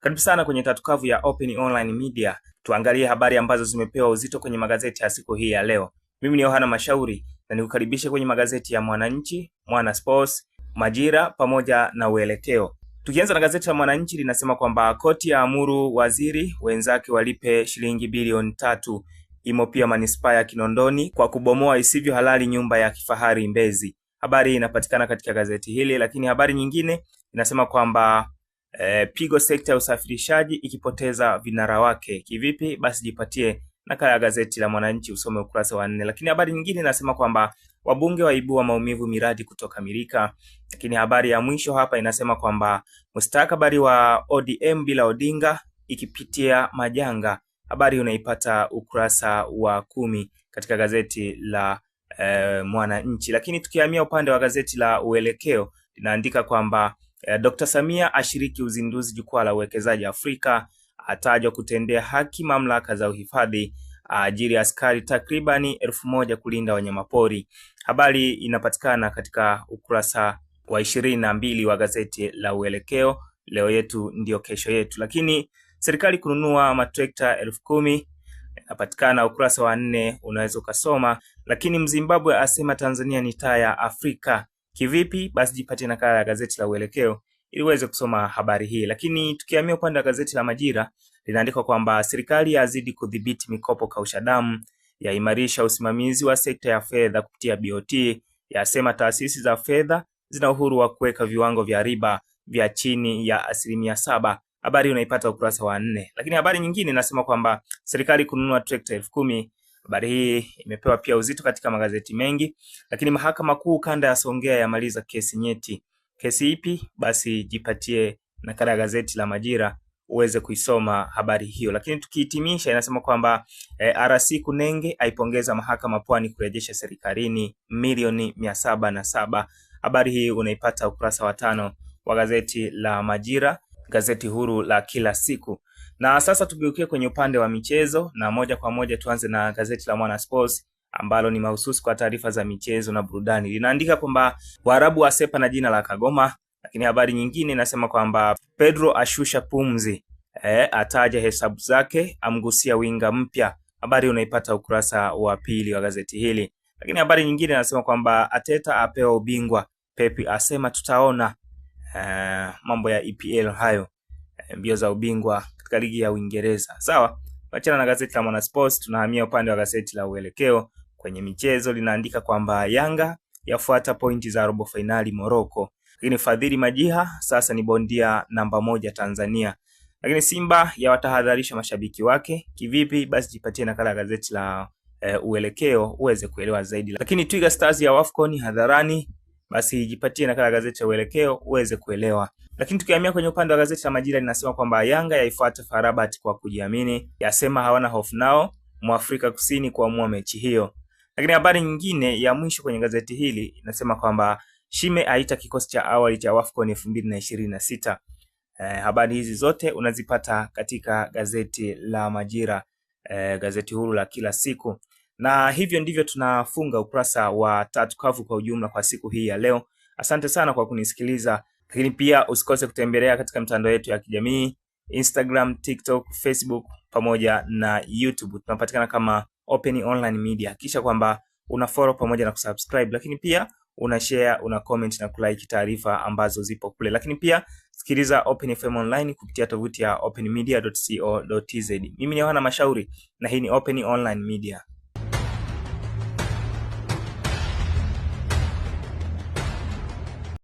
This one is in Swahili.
Karibu sana kwenye tatu kavu ya Open Online Media, tuangalie habari ambazo zimepewa uzito kwenye magazeti ya siku hii ya leo. Mimi ni Yohana Mashauri na nikukaribishe kwenye magazeti ya Mwananchi, Mwana Sports, Majira pamoja na Uelekeo. Tukianza na gazeti la Mwananchi linasema kwamba koti ya amuru waziri wenzake walipe shilingi bilioni tatu. Imo pia manispaa ya Kinondoni kwa kubomoa isivyo halali nyumba ya kifahari Mbezi. Habari inapatikana katika gazeti hili, lakini habari nyingine inasema kwamba e, pigo sekta ya usafirishaji ikipoteza vinara wake. Kivipi? Basi jipatie nakala ya gazeti la Mwananchi usome ukurasa wa nne. Lakini habari nyingine inasema kwamba wabunge waibua maumivu miradi kutokamilika. Lakini habari ya mwisho hapa inasema kwamba mustakabali wa ODM bila Odinga ikipitia majanga. Habari unaipata ukurasa wa kumi katika gazeti la e, Mwananchi. Lakini tukihamia upande wa gazeti la Uelekeo linaandika kwamba Eh, Dr. Samia ashiriki uzinduzi jukwaa la uwekezaji Afrika, atajwa kutendea haki mamlaka za uhifadhi, ajiri askari takribani elfu moja kulinda wanyamapori. Habari inapatikana katika ukurasa wa ishirini na mbili wa gazeti la Uelekeo, leo yetu ndiyo kesho yetu. Lakini serikali kununua matrekta elfu kumi inapatikana ukurasa wa nne, unaweza ukasoma. Lakini Mzimbabwe asema Tanzania ni taa ya Afrika. Kivipi? Basi jipatie nakala ya gazeti la Uelekeo ili uweze kusoma habari hii. Lakini tukihamia upande wa gazeti la Majira, linaandikwa kwamba serikali yazidi kudhibiti mikopo kausha damu, yaimarisha usimamizi wa sekta ya fedha kupitia BOT, yasema taasisi za fedha zina uhuru wa kuweka viwango vya riba vya chini ya asilimia saba. Habari unaipata ukurasa wa nne. Lakini habari nyingine inasema kwamba serikali kununua trekta elfu kumi Habari hii imepewa pia uzito katika magazeti mengi, lakini mahakama kuu kanda ya Songea yamaliza kesi nyeti. Kesi ipi? Basi jipatie nakala ya gazeti la Majira uweze kuisoma habari hiyo. Lakini tukihitimisha, inasema kwamba e, eh, RC Kunenge aipongeza mahakama Pwani kurejesha serikalini milioni mia saba na saba. Habari hii unaipata ukurasa wa tano wa gazeti la Majira, gazeti huru la kila siku. Na sasa tugeukie kwenye upande wa michezo na moja kwa moja tuanze na gazeti la Mwana Sports ambalo ni mahususi kwa taarifa za michezo na burudani. Linaandika kwamba Waarabu wasepa na jina la Kagoma, lakini habari nyingine inasema kwamba Pedro ashusha pumzi, e, ataja hesabu zake, amgusia winga mpya. Habari unaipata ukurasa wa pili wa gazeti hili. Lakini habari nyingine inasema kwamba Ateta apewa ubingwa, Pepi asema tutaona. E, mambo ya EPL hayo mbio za ubingwa katika ligi ya Uingereza. Sawa, wachana na gazeti la Mwanasports, tunahamia upande wa gazeti la Uelekeo. Kwenye michezo linaandika kwamba Yanga yafuata pointi za robo fainali Morocco, lakini Fadhili Majiha sasa ni bondia namba moja Tanzania, lakini Simba yawatahadharisha mashabiki wake. Kivipi? Basi jipatie nakala ya gazeti la e, Uelekeo uweze kuelewa zaidi, lakini Twiga Stars ya Wafcon hadharani. Basi jipatie nakala ya gazeti la Uelekeo uweze kuelewa. Lakini tukihamia kwenye upande wa gazeti la Majira linasema kwamba Yanga yaifuata Farabat kwa kujiamini, yasema hawana hofu nao Mwafrika Kusini kuamua mechi hiyo. Lakini habari nyingine ya mwisho kwenye gazeti hili inasema kwamba Shime aita kikosi cha awali cha Wafcon 2026. Eh, habari hizi zote unazipata katika gazeti la Majira eh, gazeti huru la kila siku. Na hivyo ndivyo tunafunga ukurasa wa tatu kavu kwa ujumla kwa siku hii ya leo. Asante sana kwa kunisikiliza. Lakini pia usikose kutembelea katika mitandao yetu ya kijamii Instagram, TikTok, Facebook pamoja na YouTube. Tunapatikana kama Open Online Media. kisha kwamba una follow pamoja na kusubscribe, lakini pia una share, una comment na kulike taarifa ambazo zipo kule, lakini pia sikiliza Open FM online kupitia tovuti ya openmedia.co.tz. Mimi ni Yohana Mashauri na hii ni Open Online Media.